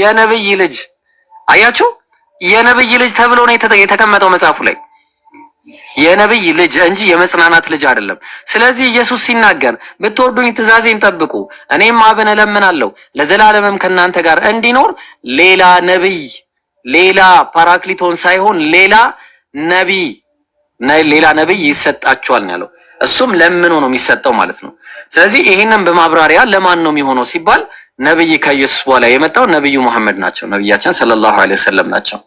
የነብይ ልጅ አያችሁ፣ የነብይ ልጅ ተብሎ ነው የተቀመጠው መጽሐፉ ላይ የነብይ ልጅ እንጂ የመጽናናት ልጅ አይደለም። ስለዚህ ኢየሱስ ሲናገር ብትወዱኝ ትእዛዜን ጠብቁ፣ እኔም አብን እለምናለሁ ለዘላለምም ከእናንተ ጋር እንዲኖር ሌላ ነብይ፣ ሌላ ፓራክሊቶን ሳይሆን ሌላ ነቢይ ሌላ ነብይ ይሰጣቸዋል ያለው። እሱም ለምኖ ነው የሚሰጠው ማለት ነው። ስለዚህ ይሄንን በማብራሪያ ለማን ነው የሚሆነው ሲባል ነብይ ከኢየሱስ በኋላ የመጣው ነብዩ መሐመድ ናቸው፣ ነብያችን ሰለላሁ ዐለይሂ ወሰለም ናቸው።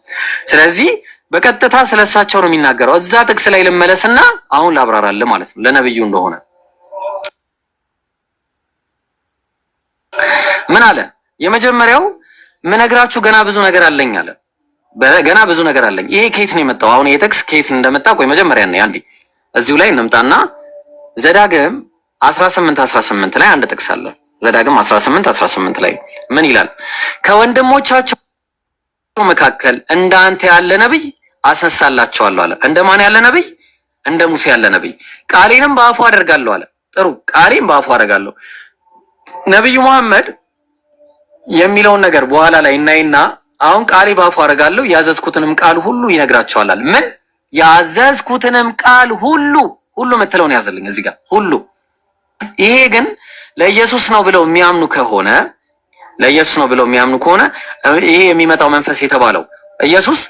ስለዚህ በቀጥታ ስለሳቸው ነው የሚናገረው። እዛ ጥቅስ ላይ ልመለስና አሁን ላብራራል ማለት ነው ለነብዩ እንደሆነ ምን አለ? የመጀመሪያው ምነግራችሁ ገና ብዙ ነገር አለኝ አለ። ገና ብዙ ነገር አለኝ። ይሄ ከየት ነው የመጣው? አሁን ይሄ ጥቅስ ከየት እንደመጣ ቆይ መጀመሪያ ነው አንዴ እዚሁ ላይ እንምጣና ዘዳግም 18 18 ላይ አንድ ጥቅስ አለ ዘዳግም 18 18 ላይ ምን ይላል? ከወንድሞቻቸው መካከል እንዳንተ ያለ ነብይ አስነሳላቸዋለሁ አለ። እንደማን ያለ ነብይ? እንደ ሙሴ ያለ ነብይ። ቃሌንም በአፉ አደርጋለሁ አለ። ጥሩ ቃሌን በአፉ አደርጋለሁ። ነብዩ መሐመድ የሚለውን ነገር በኋላ ላይ እናይና አሁን ቃሌ በአፉ አደርጋለሁ ያዘዝኩትንም ቃል ሁሉ ይነግራቸዋል። ምን ያዘዝኩትንም ቃል ሁሉ ሁሉ የምትለውን ያዘልኝ እዚህ ጋር ሁሉ ይሄ ግን ለኢየሱስ ነው ብለው የሚያምኑ ከሆነ ለኢየሱስ ነው ብለው የሚያምኑ ከሆነ ይሄ የሚመጣው መንፈስ የተባለው ኢየሱስ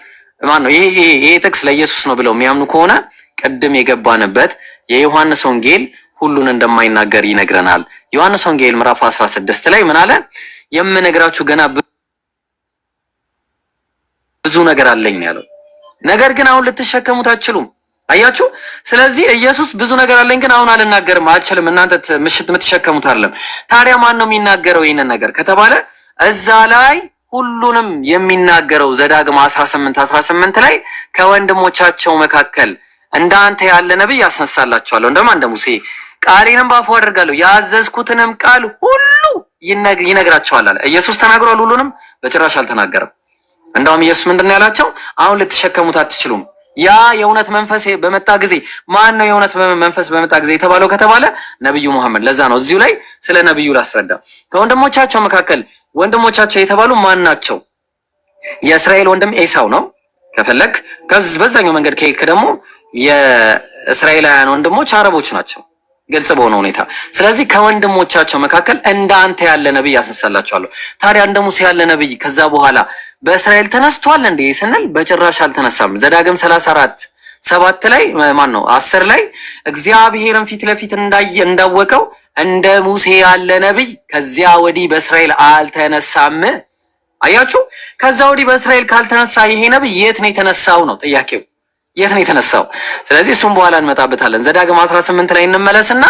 ማን ነው? ይሄ ይሄ ጥቅስ ለኢየሱስ ነው ብለው የሚያምኑ ከሆነ ቅድም የገባንበት የዮሐንስ ወንጌል ሁሉን እንደማይናገር ይነግረናል። ዮሐንስ ወንጌል ምዕራፍ 16 ላይ ምን አለ? የምነግራችሁ ገና ብዙ ነገር አለኝ ያለው ነገር ግን አሁን ልትሸከሙት አትችሉም አያችሁ። ስለዚህ ኢየሱስ ብዙ ነገር አለኝ ግን አሁን አልናገርም አልችልም፣ እናንተ ምሽት የምትሸከሙት አይደለም። ታዲያ ማን ነው የሚናገረው ይህንን ነገር ከተባለ እዛ ላይ ሁሉንም የሚናገረው ዘዳግም 18 18 ላይ ከወንድሞቻቸው መካከል እንዳንተ ያለ ነብይ ያስነሳላቸዋለሁ፣ እንደማ እንደ ሙሴ ቃሌንም ባፉ አድርጋለሁ፣ ያዘዝኩትንም ቃል ሁሉ ይነግራቸዋል አለ። ኢየሱስ ተናግሯል? ሁሉንም በጭራሽ አልተናገረም። እንደውም ኢየሱስ ምንድን ነው ያላቸው? አሁን ልትሸከሙት አትችሉም ያ የእውነት መንፈስ በመጣ ጊዜ ማን ነው የእውነት መንፈስ በመጣ ጊዜ የተባለው ከተባለ ነብዩ መሐመድ። ለዛ ነው እዚሁ ላይ ስለ ነብዩ ላስረዳ። ከወንድሞቻቸው መካከል ወንድሞቻቸው የተባሉ ማን ናቸው? የእስራኤል ወንድም ኤሳው ነው ከፈለክ። በዛኛው መንገድ ከሄድክ ደግሞ የእስራኤላውያን ወንድሞች አረቦች ናቸው፣ ግልጽ በሆነ ሁኔታ። ስለዚህ ከወንድሞቻቸው መካከል እንደ አንተ ያለ ነብይ አስነሳላቸዋለሁ። ታዲያ እንደ ሙሴ ያለ ነብይ ከዛ በኋላ በእስራኤል ተነስቷል እንዴ ስንል በጭራሽ አልተነሳም። ዘዳግም ሰላሳ አራት ሰባት ላይ ማን ነው አስር ላይ እግዚአብሔርን ፊት ለፊት እንዳየ እንዳወቀው እንደ ሙሴ ያለ ነቢይ ከዚያ ወዲህ በእስራኤል አልተነሳም። አያችሁ፣ ከዛ ወዲህ በእስራኤል ካልተነሳ ይሄ ነቢይ የት ነው የተነሳው ነው ጥያቄው። የት ነው የተነሳው? ስለዚህ እሱም በኋላ እንመጣበታለን። ዘዳግም 18 ላይ እንመለስና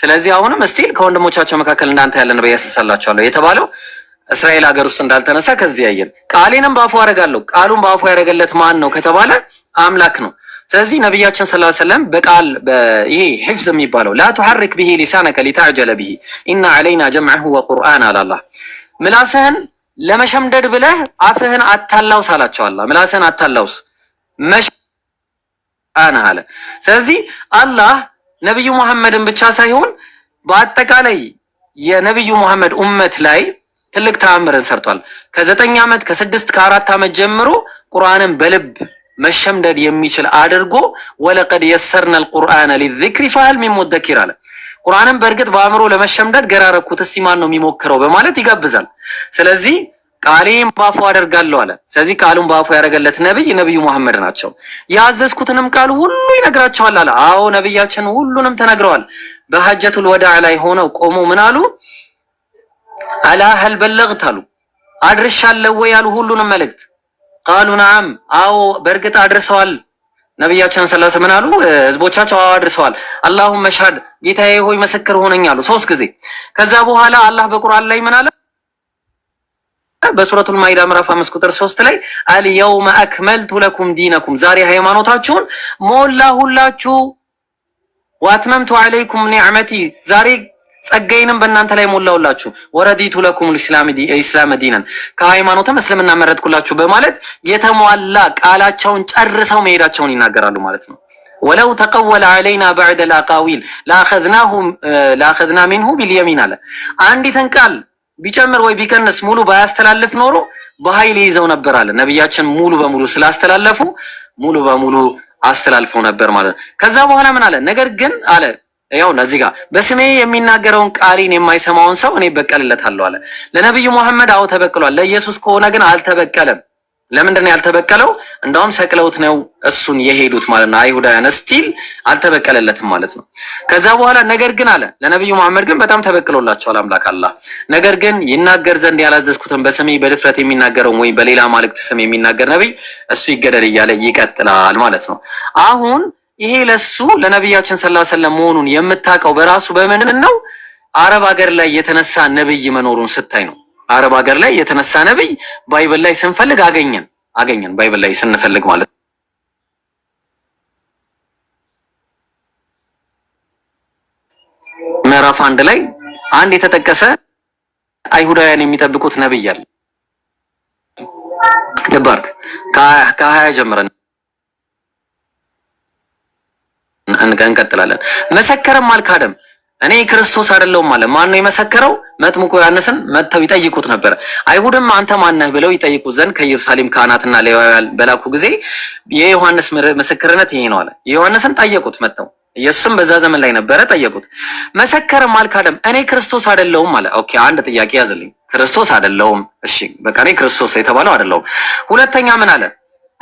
ስለዚህ አሁንም ስቲል ከወንድሞቻቸው መካከል እንዳንተ ያለ ነቢይ ያስነሳላችኋለሁ የተባለው እስራኤል ሀገር ውስጥ እንዳልተነሳ ከዚህ አየን። ቃሌንም በአፉ አደርጋለሁ። ቃሉን በአፉ ያደረገለት ማን ነው ከተባለ አምላክ ነው። ስለዚህ ነቢያችን ሰለላሁ ዐለይሂ በቃል ይሄ ሂፍዝ የሚባለው ላ ብሄ ቢሂ ሊሳነከ ሊታዕጀለ ቢሂ ኢና ዐለይና ጀምዐሁ ወቁርአን አላላ ምላስህን ለመሸምደድ ብለህ አፍህን አታላውስ አላቸው። አላህ ምላስህን አታላውስ መሸ አለ። ስለዚህ አላህ ነብዩ መሐመድን ብቻ ሳይሆን በአጠቃላይ የነብዩ መሐመድ ኡመት ላይ ትልቅ ተአምርን ሰርቷል። ከዘጠኝ ዓመት ከስድስት ከአራት ዓመት ጀምሮ ቁርአንን በልብ መሸምደድ የሚችል አድርጎ ወለቀድ የሰርነል ቁርአነ ሊዝክሪ ፈሀል ሚን ሙደኪር አለ። ቁርአንን በእርግጥ በአእምሮ ለመሸምደድ ገራረኩት እስቲ ማን ነው የሚሞክረው በማለት ይጋብዛል። ስለዚህ ቃሌን ባፉ አደርጋለሁ አለ። ስለዚህ ቃሉን ባፉ ያደረገለት ነብይ ነብዩ መሐመድ ናቸው። ያዘዝኩትንም ቃል ሁሉ ይነግራቸዋል አለ። አዎ ነብያችን ሁሉንም ተነግረዋል። በሐጀቱል ወዳዕ ላይ ሆነው ቆሞ ምን አሉ? አላ ሀል በለግት አሉ አድርሻለሁ ወይ አሉ ሁሉንም መልእክት ቃሉ ነዓም አዎ በእርግጥ አድርሰዋል ነቢያችን ሰለላሁ ዐለይሂ ወሰለም አሉ ህዝቦቻቸው አዎ አድርሰዋል አላሁመ ሽሀድ ጌታዬ ሆይ ምስክር ሆነኝ አሉ ሶስት ጊዜ ከዛ በኋላ አላህ በቁርአን ላይ ምን አለ በሱረቱል ማይዳ ምዕራፍ 5 ቁጥር 3 ላይ አልየውመ አክመልቱ ለኩም ዲነኩም ዛሬ ሃይማኖታችሁን ሞላሁላችሁ ወአትመምቱ ዐለይኩም ኒዕመቲ ዛሬ ጸጋዬንም በእናንተ ላይ ሞላውላችሁ ወረዲቱ ለኩም ኢስላም ዲነን ከሃይማኖትም እስልምና መረጥኩላችሁ በማለት የተሟላ ቃላቸውን ጨርሰው መሄዳቸውን ይናገራሉ ማለት ነው። ወለው ተቀወለ አለይና በዕደል አቃዊል ለአኸዝና ሚንሁ ቢልየሚን አለ። አንዲትን ቃል ቢጨምር ወይ ቢቀንስ ሙሉ ባያስተላልፍ ኖሮ በኃይል ይዘው ነበር አለ። ነቢያችን ሙሉ በሙሉ ስላስተላለፉ ሙሉ በሙሉ አስተላልፈው ነበር ማለት ነው። ከዛ በኋላ ምን አለ? ነገር ግን አለ ያው ለዚህ ጋር በስሜ የሚናገረውን ቃሌን የማይሰማውን ሰው እኔ በቀልለታለሁ አለ። ለነብዩ መሐመድ አዎ ተበቅሏል። ለኢየሱስ ከሆነ ግን አልተበቀለም። ለምንድን ነው ያልተበቀለው? እንዳውም ሰቅለውት ነው እሱን የሄዱት ማለት ነው። አይሁዳውያን ስቲል አልተበቀለለትም ማለት ነው። ከዛ በኋላ ነገር ግን አለ ለነብዩ መሐመድ ግን በጣም ተበቅሎላቸዋል አምላክ አላ። ነገር ግን ይናገር ዘንድ ያላዘዝኩትን በስሜ በድፍረት የሚናገረውን ወይም በሌላ ማልክት ስም የሚናገር ነብይ እሱ ይገደል እያለ ይቀጥላል ማለት ነው አሁን ይሄ ለሱ ለነቢያችን ሰለላሁ ዐለይሂ ወሰለም መሆኑን የምታውቀው በራሱ በምንድን ነው? አረብ ሀገር ላይ የተነሳ ነብይ መኖሩን ስታይ ነው። አረብ ሀገር ላይ የተነሳ ነብይ ባይብል ላይ ስንፈልግ አገኘን አገኘን ባይብል ላይ ስንፈልግ ማለት ምዕራፍ አንድ ላይ አንድ የተጠቀሰ አይሁዳውያን የሚጠብቁት ነብይ አለ። ልባርክ ከሀያ ጀምረን እንቀጥላለን። መሰከረም አልካደም። እኔ ክርስቶስ አይደለሁም አለ። ማን ነው የመሰከረው? መጥምቁ ዮሐንስን መጥተው ይጠይቁት ነበር አይሁድም አንተ ማነህ ብለው ይጠይቁት ዘንድ ከኢየሩሳሌም ካህናትና ሌዋውያን በላኩ ጊዜ የዮሐንስ ምስክርነት ይሄ ነው አለ። ዮሐንስን ጠየቁት መጥተው። ኢየሱስም በዛ ዘመን ላይ ነበረ፣ ጠየቁት። መሰከረም አልካደም፣ እኔ ክርስቶስ አይደለሁም አለ። ኦኬ አንድ ጥያቄ ያዝልኝ። ክርስቶስ አይደለሁም። እሺ በቃ እኔ ክርስቶስ የተባለው አይደለሁም። ሁለተኛ ምን አለ?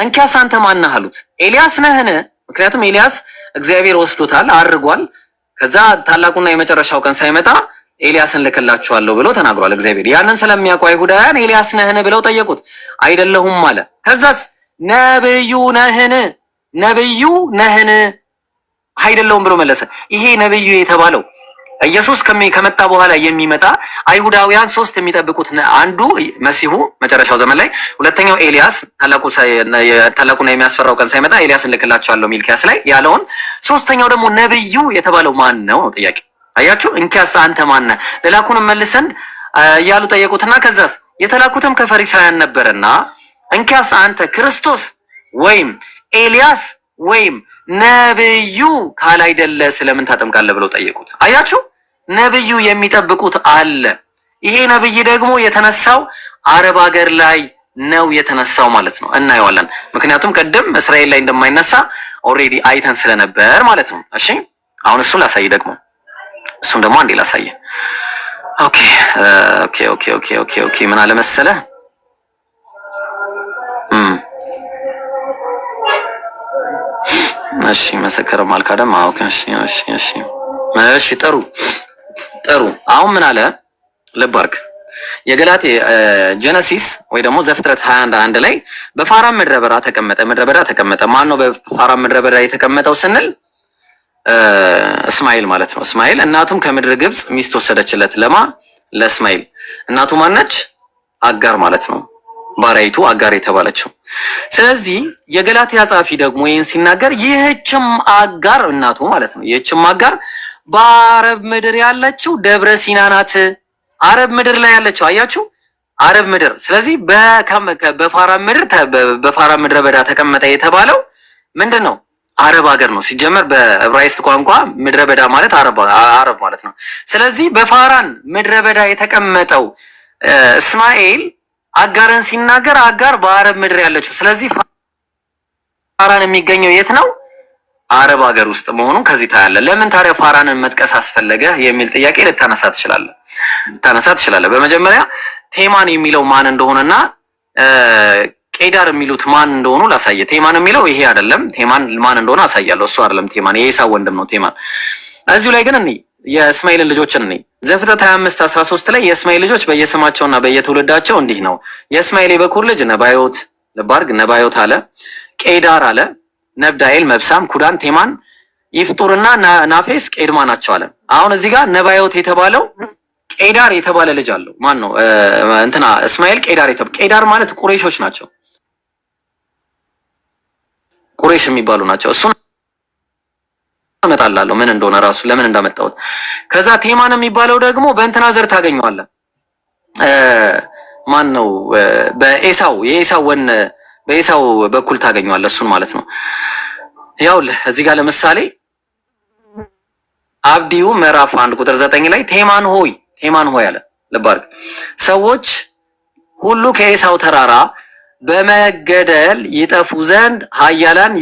እንኪያስ አንተ ማነህ አሉት። ኤልያስ ነህን ምክንያቱም ኤልያስ እግዚአብሔር ወስዶታል አድርጓል። ከዛ ታላቁና የመጨረሻው ቀን ሳይመጣ ኤልያስን ልክላችኋለሁ ብሎ ተናግሯል እግዚአብሔር። ያንን ስለሚያውቁ አይሁዳውያን ኤልያስ ነህን ብለው ጠየቁት። አይደለሁም አለ። ከዛስ ነብዩ ነህን ነብዩ ነህን አይደለሁም ብሎ መለሰ። ይሄ ነብዩ የተባለው ኢየሱስ ከመጣ በኋላ የሚመጣ አይሁዳውያን ሶስት የሚጠብቁት አንዱ መሲሁ መጨረሻው ዘመን ላይ፣ ሁለተኛው ኤልያስ ታላቁና የሚያስፈራው ቀን ሳይመጣ ኤልያስ እልክላቸዋለሁ ሚልኪያስ ላይ ያለውን፣ ሶስተኛው ደግሞ ነብዩ የተባለው ማን ነው ነው ጥያቄ። አያችሁ እንኪያስ አንተ ማን ነህ ለላኩን መልሰን ዘንድ እያሉ ጠየቁትና ከዛስ የተላኩትም ከፈሪሳውያን ነበርና እንኪያስ አንተ ክርስቶስ ወይም ኤልያስ ወይም ነብዩ ካላይደለ ስለምን ታጠምቃለ ብለው ጠየቁት። አያችሁ ነብዩ የሚጠብቁት አለ። ይሄ ነብይ ደግሞ የተነሳው አረብ ሀገር ላይ ነው የተነሳው ማለት ነው። እናየዋለን። ምክንያቱም ቅድም እስራኤል ላይ እንደማይነሳ ኦሬዲ አይተን ስለነበር ማለት ነው። እሺ አሁን እሱን ላሳይ ደግሞ እሱን ደግሞ አንዴ ላሳይ። ኦኬ ኦኬ ኦኬ ኦኬ ኦኬ ኦኬ ምን አለ መሰለህ እሺ መሰከረም አልካደም። አውከ እሺ እሺ እሺ እሺ። ጥሩ ጥሩ። አሁን ምን አለ ልብ የገላቴ ጀነሲስ ወይ ደግሞ ዘፍጥረት 21 አንድ ላይ በፋራን ምድረ በዳ ተቀመጠ፣ ምድረ በዳ ተቀመጠ። ማን ነው በፋራን ምድረ በዳ የተቀመጠው ስንል እስማኤል ማለት ነው። እስማኤል እናቱም ከምድር ግብፅ ሚስት ወሰደችለት። ለማ ለእስማኤል እናቱ ማነች? አጋር ማለት ነው። ባሪያይቱ አጋር የተባለችው። ስለዚህ የገላትያ ጻፊ ደግሞ ይህን ሲናገር ይህችም አጋር እናቱ ማለት ነው። ይህችም አጋር በአረብ ምድር ያለችው ደብረ ሲና ናት። አረብ ምድር ላይ ያለችው አያችሁ፣ አረብ ምድር። ስለዚህ በፋራ ምድር በፋራን ምድረ በዳ ተቀመጠ የተባለው ምንድን ነው? አረብ ሀገር ነው። ሲጀመር በዕብራይስጥ ቋንቋ ምድረ በዳ ማለት አረብ ማለት ነው። ስለዚህ በፋራን ምድረ በዳ የተቀመጠው እስማኤል አጋርን ሲናገር አጋር በአረብ ምድር ያለችው ስለዚህ ፋራን የሚገኘው የት ነው? አረብ ሀገር ውስጥ መሆኑን ከዚህ ታያለ። ለምን ታዲያ ፋራንን መጥቀስ አስፈለገ የሚል ጥያቄ ልታነሳ ትችላለህ ልታነሳ ትችላለህ። በመጀመሪያ ቴማን የሚለው ማን እንደሆነና ቄዳር የሚሉት ማን እንደሆኑ ላሳየ። ቴማን የሚለው ይሄ አይደለም። ቴማን ማን እንደሆነ አሳያለሁ። እሱ አይደለም ቴማን፣ የኢሳ ወንድም ነው ቴማን። እዚሁ ላይ ግን እኔ የእስማኤልን ልጆች እኔ ዘፍጥረት 25 13 ላይ የእስማኤል ልጆች በየስማቸውና በየትውልዳቸው እንዲህ ነው። የእስማኤል የበኩር ልጅ ነባዮት ልባርግ ነባዮት አለ፣ ቄዳር አለ፣ ነብዳኤል፣ መብሳም፣ ኩዳን፣ ቴማን፣ ይፍጡርና ናፌስ ቄድማ ናቸው አለ። አሁን እዚህ ጋር ነባዮት የተባለው ቄዳር የተባለ ልጅ አለው። ማን ነው እንትና እስማኤል ቄዳር የተባ ቄዳር ማለት ቁሬሾች ናቸው። ቁሬሽ የሚባሉ ናቸው። እሱ እመጣላለሁ ምን እንደሆነ ራሱ ለምን እንዳመጣሁት። ከዛ ቴማን የሚባለው ደግሞ በእንትና ዘር ታገኘዋለህ። ማን ነው? በኤሳው የኤሳው ወን በኤሳው በኩል ታገኘዋለህ እሱን ማለት ነው። ያውልህ እዚህ ጋር ለምሳሌ አብዲው ምዕራፍ አንድ ቁጥር ዘጠኝ ላይ ቴማን ሆይ ቴማን ሆይ አለ ልባርክ ሰዎች ሁሉ ከኤሳው ተራራ በመገደል ይጠፉ ዘንድ ሀያላን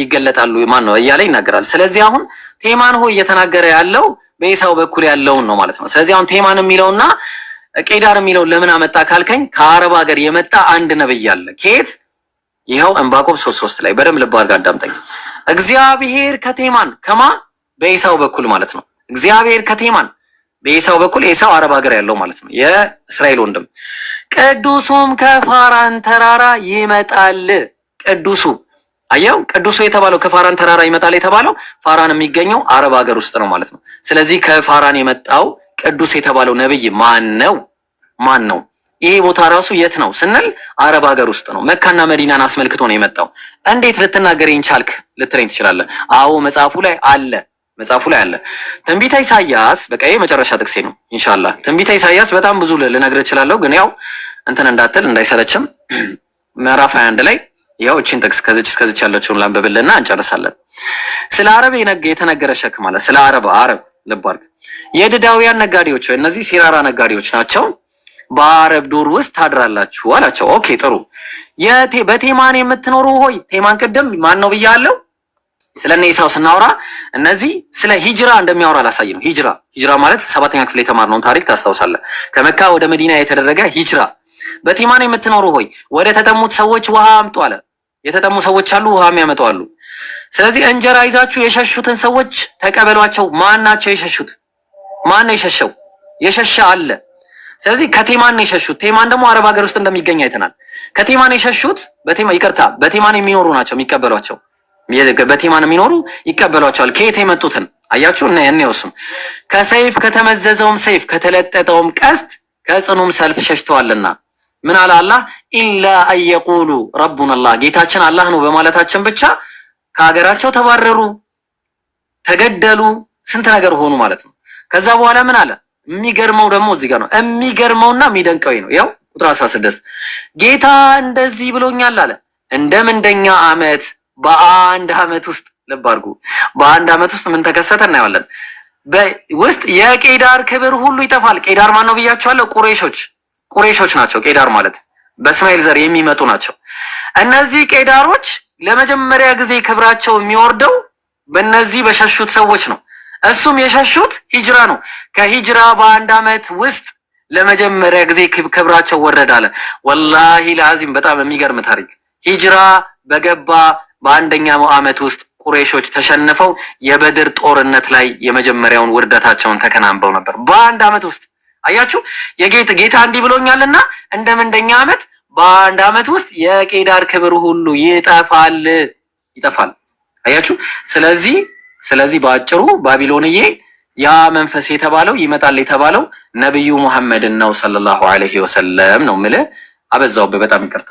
ይገለጣሉ ማን ነው እያለ ይናገራል። ስለዚህ አሁን ቴማን ሆ እየተናገረ ያለው በኢሳው በኩል ያለውን ነው ማለት ነው። ስለዚህ አሁን ቴማን የሚለውና ቄዳር የሚለውን ለምን አመጣ ካልከኝ ከአረብ ሀገር የመጣ አንድ ነብይ አለ። ከየት? ይኸው ዕንባቆም ሶስት ሶስት ላይ በደንብ ልብ አድርጋ አዳምጠኝ። እግዚአብሔር ከቴማን ከማ በኢሳው በኩል ማለት ነው እግዚአብሔር ከቴማን በኤሳው በኩል ኤሳው አረብ ሀገር ያለው ማለት ነው፣ የእስራኤል ወንድም። ቅዱሱም ከፋራን ተራራ ይመጣል። ቅዱሱ አየው፣ ቅዱሱ የተባለው ከፋራን ተራራ ይመጣል የተባለው ፋራን የሚገኘው አረብ ሀገር ውስጥ ነው ማለት ነው። ስለዚህ ከፋራን የመጣው ቅዱስ የተባለው ነብይ ማን ነው? ማን ነው? ይሄ ቦታ ራሱ የት ነው ስንል አረብ ሀገር ውስጥ ነው። መካና መዲናን አስመልክቶ ነው የመጣው። እንዴት ልትናገረኝ ቻልክ ልትለኝ ትችላለህ። አዎ መጽሐፉ ላይ አለ መጽሐፉ ላይ አለ። ትንቢተ ኢሳያስ በቃ ይሄ መጨረሻ ጥቅሴ ነው ኢንሻአላህ። ትንቢተ ኢሳያስ በጣም ብዙ ልነግር እችላለሁ፣ ግን ያው እንትን እንዳትል እንዳይሰለችም ምዕራፍ 21 ላይ ያው እቺን ጥቅስ ከዚች እስከዚች ያለችውን ላንብብልና እንጨርሳለን። ስለ አረብ የተነገረ ሸክም አለ። ስለ አረብ አረብ ልብ አድርግ። የድዳውያን ነጋዴዎች ወይ እነዚህ ሲራራ ነጋዴዎች ናቸው። በአረብ ዱር ውስጥ ታድራላችሁ አላቸው። ኦኬ ጥሩ። በቴማን የምትኖሩ ሆይ ቴማን ቅድም ማን ነው ብያለሁ እነ ኢሳው ስናወራ እነዚህ ስለ ሂጅራ እንደሚያወራ ላሳይ ነው። ሂጅራ ሂጅራ ማለት ሰባተኛ ክፍል የተማርነውን ታሪክ ታስታውሳለህ። ከመካ ወደ መዲና የተደረገ ሂጅራ። በቲማን የምትኖሩ ሆይ ወደ ተጠሙት ሰዎች ውሃ አምጡ አለ። የተጠሙ ሰዎች አሉ፣ ውሃም ያመጡ ስለዚህ እንጀራ ይዛችሁ የሸሹትን ሰዎች ተቀበሏቸው። ማን ናቸው የሸሹት? ማን ነው የሸሸው? የሸሸ አለ። ስለዚህ ከቴማን ነው የሸሹት። ቴማን ደግሞ አረብ ሀገር ውስጥ እንደሚገኝ አይተናል። ከቴማን የሸሹት በቴማ ይቅርታ፣ በቴማን የሚኖሩ ናቸው የሚቀበሏቸው በቴማን የሚኖሩ ይቀበሏቸዋል። ከየት የመጡትን አያችሁ? እና ያኔ ከሰይፍ ከተመዘዘውም ሰይፍ ከተለጠጠውም ቀስት ከጽኑም ሰልፍ ሸሽተዋልና ምን አለ አላህ ኢላ አየቁሉ ረቡናላህ ጌታችን አላህ ነው በማለታችን ብቻ ከሀገራቸው ተባረሩ፣ ተገደሉ፣ ስንት ነገር ሆኑ ማለት ነው። ከዛ በኋላ ምን አለ? የሚገርመው ደግሞ እዚህ ጋር ነው የሚገርመውና የሚደንቀው ነው። ያው ቁጥር 16 ጌታ እንደዚህ ብሎኛል አለ እንደምንደኛ አመት? በአንድ አመት ውስጥ ልብ አድርጉ፣ በአንድ አመት ውስጥ ምን ተከሰተ እናየዋለን። ውስጥ የቄዳር ክብር ሁሉ ይጠፋል። ቄዳር ማን ነው ብያቸዋለሁ? ቁሬሾች ቁሬሾች ናቸው። ቄዳር ማለት በእስማኤል ዘር የሚመጡ ናቸው። እነዚህ ቄዳሮች ለመጀመሪያ ጊዜ ክብራቸው የሚወርደው በእነዚህ በሸሹት ሰዎች ነው። እሱም የሸሹት ሂጅራ ነው። ከሂጅራ በአንድ አመት ውስጥ ለመጀመሪያ ጊዜ ክብራቸው ወረዳለ። ወላሂ ለአዚም በጣም የሚገርም ታሪክ ሂጅራ በገባ በአንደኛው ዓመት ውስጥ ቁሬሾች ተሸንፈው የበድር ጦርነት ላይ የመጀመሪያውን ውርደታቸውን ተከናንበው ነበር። በአንድ ዓመት ውስጥ አያችሁ፣ የጌታ ጌታ እንዲህ ብሎኛልና እንደ ምንደኛ ዓመት በአንድ ዓመት ውስጥ የቄዳር ክብር ሁሉ ይጠፋል ይጠፋል። አያችሁ። ስለዚህ ስለዚህ በአጭሩ ባቢሎንዬ ያ መንፈስ የተባለው ይመጣል የተባለው ነብዩ ሙሐመድን ነው ሰለላሁ ዐለይሂ ወሰለም ነው ምለ አበዛው በጣም ይቅርታ።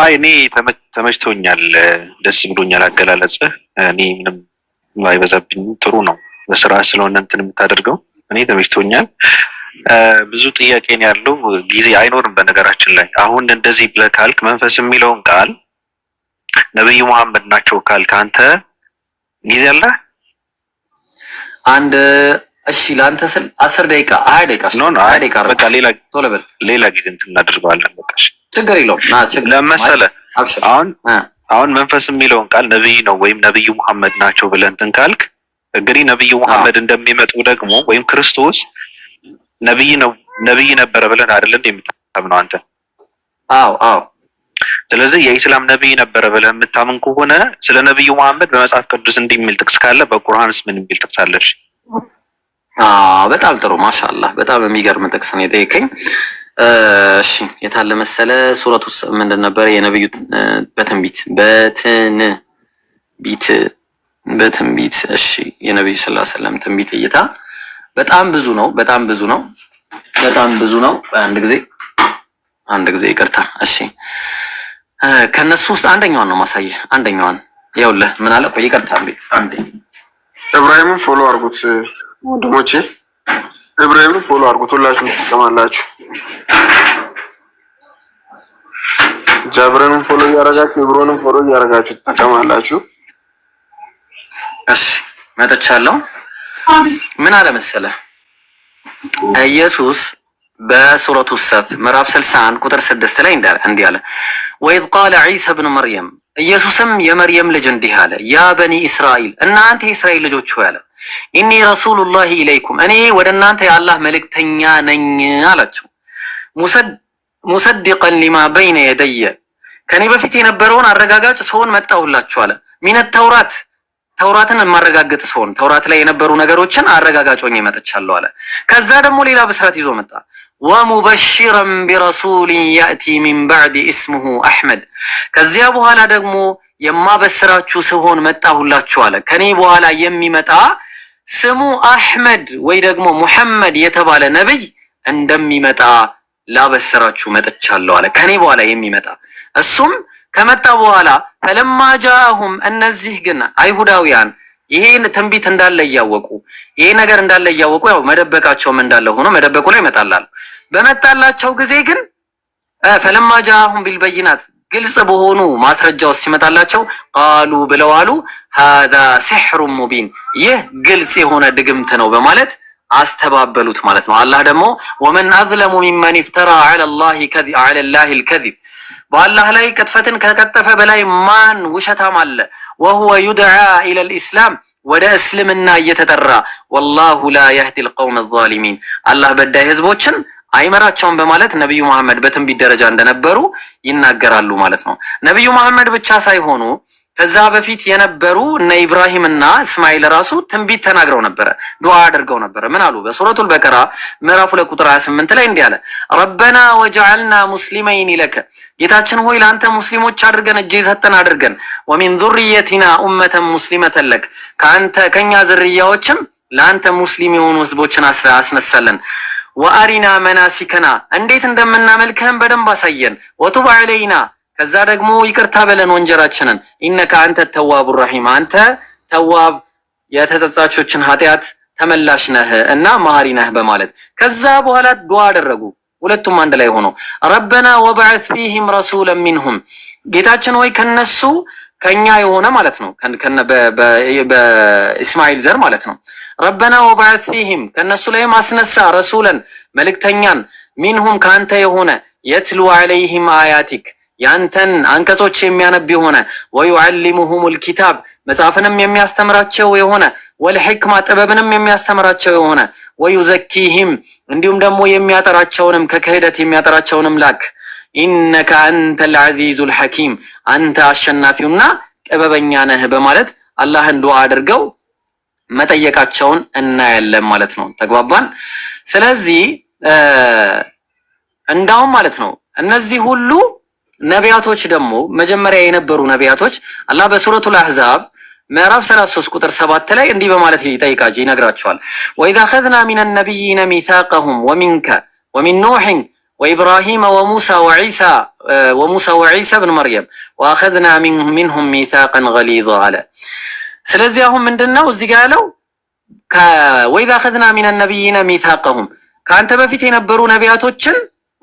አይ እኔ ተመችቶኛል፣ ደስ ብሎኛል። አገላለጽ። እኔ ምንም አይበዛብኝ ጥሩ ነው። በስራ ስለሆነ እንትን የምታደርገው እኔ ተመችቶኛል። ብዙ ጥያቄን ያለው። ጊዜ አይኖርም። በነገራችን ላይ አሁን እንደዚህ ብለህ ካልክ መንፈስ የሚለውን ቃል ነብዩ መሐመድ ናቸው ካልክ አንተ ጊዜ አለ አንድ እሺ ለአንተ ስል አስር ደቂቃ ሀያ ደቂቃ ሌላ ጊዜ እንትን እናደርገዋለን በቃ ችግር የለውም። ለመሰለ አሁን አሁን መንፈስ የሚለውን ቃል ነብይ ነው ወይም ነብዩ መሐመድ ናቸው ብለን እንትን ካልክ እንግዲህ ነብዩ መሐመድ እንደሚመጡ ደግሞ ወይም ክርስቶስ ነብይ ነው ነብይ ነበረ ብለን አይደለም እንደምታምነው አንተ? አዎ አዎ። ስለዚህ የኢስላም ነብይ ነበረ ብለን የምታምን ከሆነ ስለ ነብዩ መሐመድ በመጽሐፍ ቅዱስ እንዲህ የሚል ጥቅስ ካለ በቁርአንስ ምን የሚል ጥቅስ አለሽ? አዎ በጣም ጥሩ ማሻአላህ። በጣም የሚገርም ጥቅስ ነው የጠየቀኝ። እሺ የታለ መሰለ ሱረቱ ምንድን ነበረ? የነብዩ በትንቢት በትን ቢት በትንቢት እሺ፣ የነብዩ ሰለላሁ ዐለይሂ ወሰለም ትንቢት እይታ በጣም ብዙ ነው። በጣም ብዙ ነው። በጣም ብዙ ነው። አንድ ጊዜ አንድ ጊዜ ይቅርታ። እሺ ከነሱ ውስጥ አንደኛዋን ነው ማሳየ። አንደኛዋን ይኸውልህ ምን አለ? ቆይ ይቅርታ፣ አንዴ ኢብራሂምን ፎሎ አድርጉት ወንድሞቼ። ኢብራሂምን ፎሎ አድርጉት፣ ሁላችሁም ትጠቀማላችሁ። ጃብረንም ፎሎ እያደረጋችሁ ኢብሮንም ፎሎ እያደረጋችሁ ትጠቀማላችሁ። እሺ መጥቻለሁ። ምን አለ መሰለ ኢየሱስ በሱረቱ ሰፍ ምዕራፍ 61 ቁጥር 6 ላይ እንዳለ እንዲህ አለ ወኢዝ ቃለ ዒሳ ኢብኑ መርየም ኢየሱስም የመርየም ልጅ እንዲህ አለ፣ ያ በኒ እስራኤል እናንተ የእስራኤል ልጆች ሆይ አለ፣ ኢኒ ረሱሉላሂ ኢለይኩም እኔ ወደ እናንተ የአላህ መልእክተኛ ነኝ አላቸው። ሙሰድቀን ሊማ በይነ የደየ ከኔ በፊት የነበረውን አረጋጋጭ ሰውን መጣሁላችሁ አለ። ሚነ ተውራት ተውራትን የማረጋግጥ ሰውን ተውራት ላይ የነበሩ ነገሮችን አረጋጋጭ ሆኜ መጥቻለሁ አለ። ከዛ ደግሞ ሌላ ብስራት ይዞ መጣ። ወሙበሽረን ቢረሱሊን ያእቲ ሚን ባዕድ እስሙሁ አሕመድ። ከዚያ በኋላ ደግሞ የማበስራችሁ ስሆን መጣሁላችሁ አለ። ከኔ በኋላ የሚመጣ ስሙ አሕመድ ወይ ደግሞ ሙሐመድ የተባለ ነብይ እንደሚመጣ ላበስራችሁ መጥቻለሁ አለ። ከኔ በኋላ የሚመጣ እሱም ከመጣ በኋላ ፈለማ ጃአሁም እነዚህ ግን አይሁዳውያን ይሄን ትንቢት እንዳለ እያወቁ ይሄ ነገር እንዳለ እያወቁ ያው መደበቃቸውም እንዳለ ሆኖ መደበቁ ላይ ይመጣላሉ። በመጣላቸው ጊዜ ግን ፈለማ ጃአሁም ቢልበይናት ግልጽ በሆኑ ማስረጃው ሲመጣላቸው ቃሉ ብለው አሉ ሃዛ ሲሕሩ ሙቢን ይህ ግልጽ የሆነ ድግምት ነው በማለት አስተባበሉት ማለት ነው። አላህ ደግሞ ወመን አዝለሙ ሚመን ኢፍተራ ዐለላሂ አልከዚብ በአላህ ላይ ቅጥፈትን ከቀጠፈ በላይ ማን ውሸታም አለ? ወሁወ ዩድዓ ኢለል ኢስላም ወደ እስልምና እየተጠራ ወላሁ ላ የህዲል ቀውመ ዛሊሚን አላህ በዳይ ህዝቦችን አይመራቸውም በማለት ነቢዩ መሐመድ በትንቢት ደረጃ እንደነበሩ ይናገራሉ ማለት ነው። ነቢዩ መሐመድ ብቻ ሳይሆኑ ከዛ በፊት የነበሩ እነ ኢብራሂም እና እስማኤል ራሱ ትንቢት ተናግረው ነበረ፣ ዱዓ አድርገው ነበረ። ምን አሉ? በሱረቱል በቀራ ምዕራፍ ሁለት ቁጥር 28 ላይ እንዲህ አለ፣ ረበና ወጀዐልና ሙስሊመይን ለከ፣ ጌታችን ሆይ ለአንተ ሙስሊሞች አድርገን እጅ የሰጠን አድርገን፣ ወሚን ዙርየቲና ኡመተን ሙስሊመተን ለክ፣ ከአንተ ከኛ ዝርያዎችም ለአንተ ሙስሊም የሆኑ ህዝቦችን አስነሳለን። ወአሪና መናሲከና፣ እንዴት እንደምናመልክህን በደንብ አሳየን። ወቱብ አለይና ከዛ ደግሞ ይቅርታ በለን ወንጀራችንን ኢነከ አንተ ተዋቡ ረሂም አንተ ተዋብ የተጸጻቾችን ኃጢአት ተመላሽ ነህ እና መሐሪ ነህ በማለት ከዛ በኋላ ዱዓ አደረጉ። ሁለቱም አንድ ላይ ሆኖ ረበና ወበዓስ ፊህም ረሱለን ሚንሁም ጌታችን ወይ ከነሱ ከኛ የሆነ ማለት ነው በእስማኤል ዘር ማለት ነው። ረበና ወበዓስ ፊህም ከነሱ ላይ ማስነሳ ረሱለን መልእክተኛን ሚንሁም ከአንተ የሆነ የትሉ ዓለይሂም አያቲክ ያንተን አንቀጾች የሚያነብ የሆነ ወዩዓሊሙሁሙል ኪታብ መጽሐፍንም የሚያስተምራቸው የሆነ ወልሕክማ ጥበብንም የሚያስተምራቸው የሆነ ወዩዘኪህም እንዲሁም ደግሞ የሚያጠራቸውንም ከክህደት የሚያጠራቸውንም ላክ። ኢነከ አንተል ዐዚዙል ሐኪም አንተ አሸናፊውና ጥበበኛ ነህ በማለት አላህን ዱዓ አድርገው መጠየቃቸውን እናያለን ማለት ነው። ተግባባን። ስለዚህ እንዳውም ማለት ነው እነዚህ ሁሉ ነቢያቶች ደግሞ መጀመሪያ የነበሩ ነቢያቶች አላህ በሱረቱል አሕዛብ ምዕራፍ 33 ቁጥር 7 ላይ እንዲህ በማለት ይጠይቃቸው ይነግራቸዋል። ወኢዛ አኸዝና ሚነ ነቢይነ ሚሳቀሁም ወሚንከ ወሚን ኖሕን ወኢብራሂመ ወሙሳ ወዒሳ ወሙሳ ወዒሳ ብን መርየም ወአኸዝና ሚንሁም ሚሳቀን ገሊዛ አለ። ስለዚህ አሁን ምንድነው እዚህ ጋር ያለው ወኢዛ አኸዝና ሚነ ነቢይነ ሚሳቀሁም ከአንተ በፊት የነበሩ ነቢያቶችን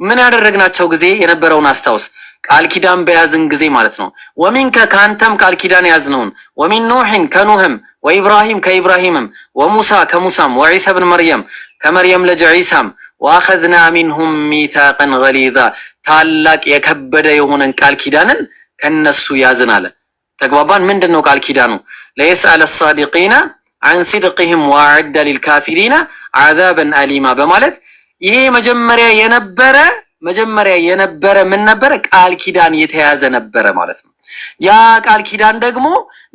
ምን ያደረግናቸው ጊዜ የነበረውን አስታውስ። ቃል ኪዳን በያዝን ጊዜ ማለት ነው። ወሚንከ ከአንተም ቃል ኪዳን ያዝነውን ወሚን ኑሕን ከኑህም ወኢብራሂም ከኢብራሂምም ወሙሳ ከሙሳም ወዒሳ ብን መርየም ከመርየም ልጅ ዒሳም ወአኸዝና ሚንሁም ሚታቀን ገሊዛ ታላቅ የከበደ የሆነን ቃል ኪዳንን ከነሱ ያዝን አለ። ተግባባን። ምንድን ነው ቃል ኪዳኑ? ለየስአለ ሳዲቂና አን ሲድቅህም ወአዕደ ሊልካፊሪና ዓዛበን አሊማ በማለት ይሄ መጀመሪያ የነበረ መጀመሪያ የነበረ ምን ነበረ? ቃል ኪዳን የተያዘ ነበረ ማለት ነው። ያ ቃል ኪዳን ደግሞ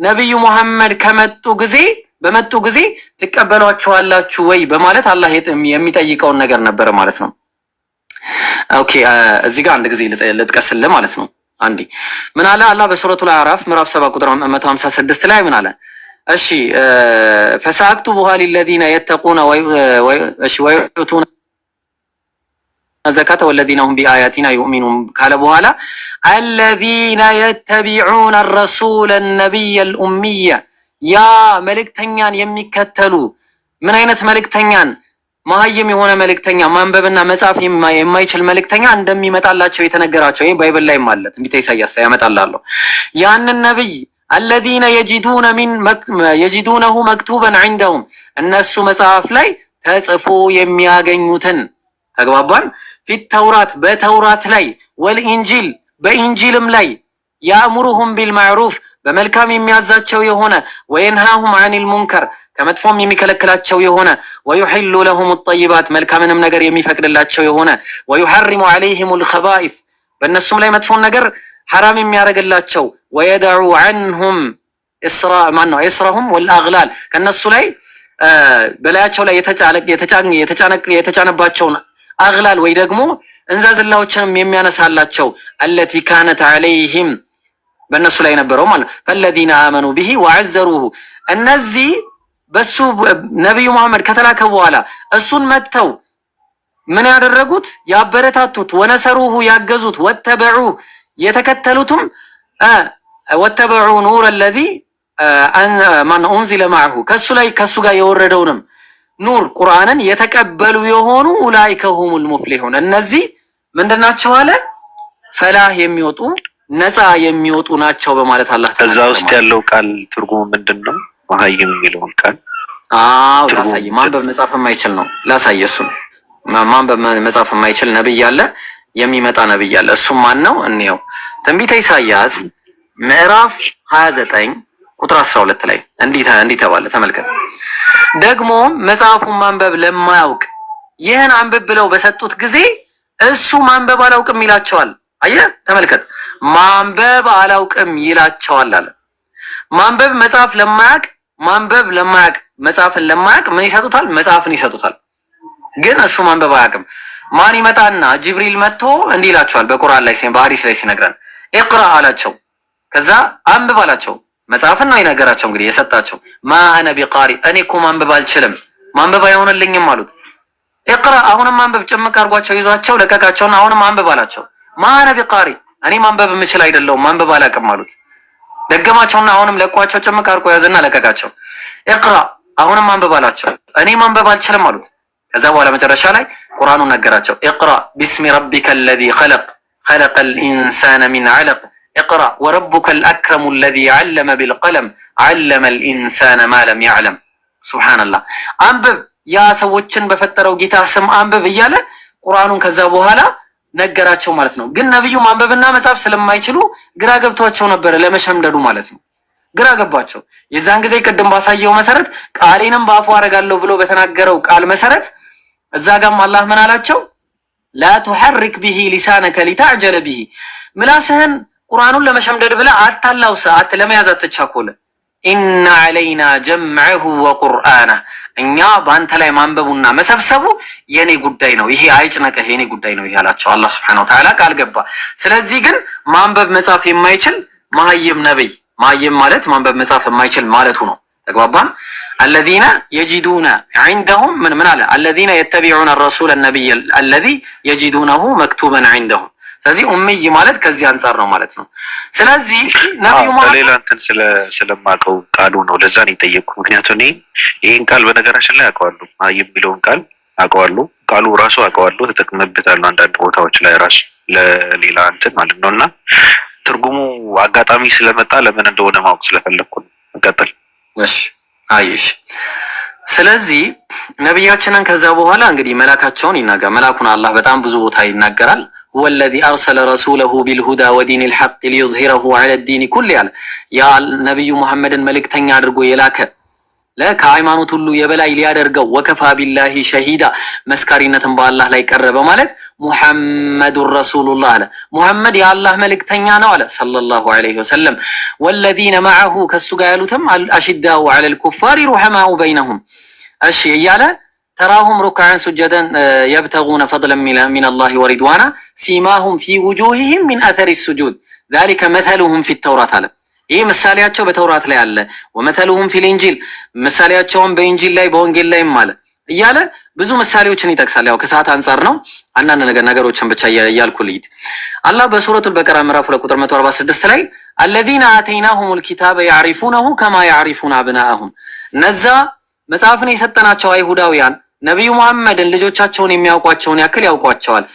ነቢዩ መሐመድ ከመጡ ጊዜ በመጡ ጊዜ ትቀበሏቸዋላችሁ ወይ በማለት አላህ የሚጠይቀውን ነገር ነበረ ማለት ነው። ኦኬ እዚህ ጋር አንድ ጊዜ ልጥቀስልህ ማለት ነው። አንዴ ምን አለ አላህ በሱረቱል አራፍ ምዕራፍ 7 ቁጥር 156 ላይ ምን አለ? እሺ ፈሳአክቱቡሃ ሊለዚነ የተቁነ ወይቱነ ዘካተ ወለዚነ ሁም ቢአያቲና ዩእሚኑን ካለ በኋላ አለዚነ የተቢዑነ ረሱለ ነቢየ ልኡምየ ያ መልእክተኛን የሚከተሉ ምን አይነት መልእክተኛን? መሀይም የሆነ መልእክተኛ ማንበብና መጻፍ የማይችል መልእክተኛ እንደሚመጣላቸው የተነገራቸው ይህ ባይብል ላይ ማለት እንዴት ኢሳያስ ያመጣላለሁ ያንን ነቢይ አለዚነ የጂዱነ ሚን የጂዱነሁ መክቱበን ዒንደሁም እነሱ መጽሐፍ ላይ ተጽፎ የሚያገኙትን ተግባባን። ፊት ተውራት በተውራት ላይ ወልኢንጂል በኢንጂልም ላይ ያእምሩሁም ቢልማዕሩፍ በመልካም የሚያዛቸው የሆነ ወየንሃሁም አኒል ሙንከር ከመጥፎም የሚከለክላቸው የሆነ ወዩሒሉ ለሁም ጠይባት መልካምንም ነገር የሚፈቅድላቸው የሆነ ወዩሐሪሙ ዓለይሂም ልከባኢስ በእነሱም ላይ መጥፎን ነገር ሐራም የሚያደርግላቸው ወየደዑ አንሁም ማነው እስረሁም ወልአግላል ከእነሱ ላይ በላያቸው ላይ የተጫነባቸውን አግላል ወይ ደግሞ እንዛዝላዎችንም የሚያነሳላቸው አለቲ ካነት አለይህም በእነሱ ላይ ነበረው ማለት ፈለዚነ አመኑ ብሂ ወዐዘሩሁ እነዚህ በሱ ነቢዩ መሐመድ ከተላከ በኋላ እሱን መጥተው ምን ያደረጉት ያበረታቱት፣ ወነሰሩሁ ያገዙት፣ ወተበዑ የተከተሉትም ወተበዑ ኑር ለዚ ማን ኡንዚለ ማዕሁ ከሱ ላይ ከሱ ጋር የወረደውንም ኑር ቁርአንን የተቀበሉ የሆኑ ኡላኢከ ሁሙል ሙፍሊሁን እነዚህ ምንድናቸው አለ ፈላህ የሚወጡ ነፃ የሚወጡ ናቸው በማለት አላህ ከዛ ውስጥ ያለው ቃል ትርጉሙ ምንድን ነው? መሀይም የሚለውን ቃል አዎ፣ ላሳይ ማንበብ መጻፍ የማይችል ነው። ላሳይ እሱን ማንበብ መጻፍ የማይችል ነብይ አለ፣ የሚመጣ ነብይ አለ። እሱም ማን ነው? እንየው። ትንቢተ ኢሳይያስ ምዕራፍ 29 ቁጥር 12 ላይ እንዲህ እንዲህ ተባለ። ተመልከት። ደግሞ መጽሐፉን ማንበብ ለማያውቅ ይህን አንብብ ብለው በሰጡት ጊዜ እሱ ማንበብ አላውቅም ይላቸዋል። አየህ፣ ተመልከት። ማንበብ አላውቅም ይላቸዋል አለ። ማንበብ መጽሐፍ ለማያውቅ ማንበብ ለማያውቅ መጽሐፍን ለማያውቅ ምን ይሰጡታል? መጽሐፍን ይሰጡታል። ግን እሱ ማንበብ አያውቅም። ማን ይመጣና ጅብሪል መጥቶ እንዲህ ይላቸዋል። በቁርአን ላይ በሐዲስ ላይ ሲነግረን ኢቅራ አላቸው። ከዛ አንብብ አላቸው። መጽሐፍን ነው የነገራቸው እንግዲህ የሰጣቸው። ማ አነ ቢቃሪ እኔ እኮ ማንበብ አልችልም ማንበብ አይሆንልኝም አሉት። እቅራ አሁንም ማንበብ ጭምቅ አድርጓቸው ይዟቸው ለቀቃቸውና አሁንም ማንበብ አላቸው። ማ አነ ቢቃሪ እኔ ማንበብ የምችል አይደለሁም ማንበብ አላቅም አሉት። ደገማቸውና አሁንም ለቋቸው ጭምቅ አድርጎ ያዘና ለቀቃቸው። እቅራ አሁንም ማንበብ አላቸው። እኔ ማንበብ አልችልም አሉት። ከዛ በኋላ መጨረሻ ላይ ቁርአኑን ነገራቸው። እቅራ ቢስሚ ረቢከ አለዚ ኸለቅ ኸለቀል ኢንሳነ ሚን ዐለቅ እቅራ ወረቡከል አክረሙ አለዚ ዐለመ ቢልቀለም ዐለመል ኢንሳነ ማለም ለም ያዕለም። ሱብሓነላህ አንብብ ያ ሰዎችን በፈጠረው ጌታ ስም አንብብ እያለ ቁርአኑን ከዛ በኋላ ነገራቸው ማለት ነው። ግን ነብዩ ማንበብና መጻፍ ስለማይችሉ ግራ ገብቷቸው ነበረ ለመሸምደዱ ማለት ነው። ግራ ገባቸው። የዛን ጊዜ ቅድም ባሳየው መሰረት ቃሌንም በአፉ አደርጋለሁ ብሎ በተናገረው ቃል መሰረት እዛ ጋም አላህ ምን አላቸው? ላ ቱሐሪክ ቢሂ ሊሳነከ ሊታዕጀለ ቢሂ ምላስህን ቁርአኑን ለመሸምደድ ብለ አታላው ሰዓት ለመያዝ አትቻኮለ። ኢና ዐለይና ጀምዐሁ ወቁርአና፣ እኛ በአንተ ላይ ማንበቡና መሰብሰቡ የኔ ጉዳይ ነው፣ ይሄ አይጭነቅህ፣ የኔ ጉዳይ ነው ይሄ አላቸው። አላህ ሱብሓነሁ ወተዓላ ቃል ገባ። ስለዚህ ግን ማንበብ መጻፍ የማይችል መሀይም ነብይ፣ መሀይም ማለት ማንበብ መጻፍ የማይችል ማለቱ ነው። ተግባባን። አለዚነ የጂዱነ ዐንደሁም ምን ምን አለ አለዚነ የተቢዑነ ረሱለ ነቢይ አለዚ የጂዱነሁ መክቱበን ዐንደሁም ስለዚህ ኡምይ ማለት ከዚህ አንጻር ነው ማለት ነው። ስለዚህ ነብዩ ማለት ሌላ እንትን ስለ ስለማውቀው ቃሉ ነው ለዛ ነው የጠየቅኩ። ምክንያቱም እኔ ይሄን ቃል በነገራችን ላይ አውቀዋለሁ የሚለውን ቃል አውቀዋለሁ፣ ቃሉ ራሱ አውቀዋለሁ፣ ተጠቅመበታለሁ አንዳንድ ቦታዎች ላይ ራሱ ለሌላ እንትን ማለት ነው። እና ትርጉሙ አጋጣሚ ስለመጣ ለምን እንደሆነ ማወቅ ስለፈለግኩ ነው። እሺ ስለዚህ ነቢያችንን ከዛ በኋላ እንግዲህ መላካቸውን ይናገር መላኩን አላህ በጣም ብዙ ቦታ ይናገራል። ወለዚ አርሰለ ረሱለሁ ቢልሁዳ ወዲን ልሐቅ ሊዩዝሂረሁ ዐለ ዲኒ ኩል ያለ ያ ነቢዩ ሙሐመድን መልእክተኛ አድርጎ የላከ ከሃይማኖት ሁሉ የበላይ ሊያደርገው ወከፋ ቢላሂ ሸሂዳ መስካሪነትን በአላህ ላይ ቀረ በማለት ሙሐመዱን ረሱሉላህ አለ። ሙሐመድ የአላህ መልእክተኛ ነው አለ ሰለላሁ ዐለይሂ ወሰለም። ወለዚነ መዐሁ ከሱ ጋር ያሉትም አሽዳው ዐለል ኩፋሪ ሩሐማኡ በይነሁም እሺ እያለ ተራሁም ሩክዐን ሱጀደን የብተጉነ ፈድለን ሚነላሂ ወሪድዋና ሲማሁም ፊ ውጁሂሂም ሚን አተሪ ሱጁድ ዛሊከ መተሉሁም ፊተውራት አለ ይህ ምሳሌያቸው በተውራት ላይ አለ። ወመተሉሁም ፊል ኢንጂል ምሳሌያቸውን በኢንጂል ላይ በወንጌል ላይም አለ እያለ ብዙ ምሳሌዎችን ይጠቅሳል። ያው ከሰዓት አንጻር ነው አንዳንድ ነገር ነገሮችን ብቻ እያልኩ ልሂድ። አላህ በሱረቱል በቀራ ምዕራፍ ሁለት ቁጥር 146 ላይ አለዚነ አተይናሁሙል ኪታበ ያሪፉነሁ ከማ ያሪፉን አብናአሁም እነዛ መጽሐፍን የሰጠናቸው አይሁዳውያን ነቢዩ መሐመድን ልጆቻቸውን የሚያውቋቸውን ያክል ያውቋቸዋል።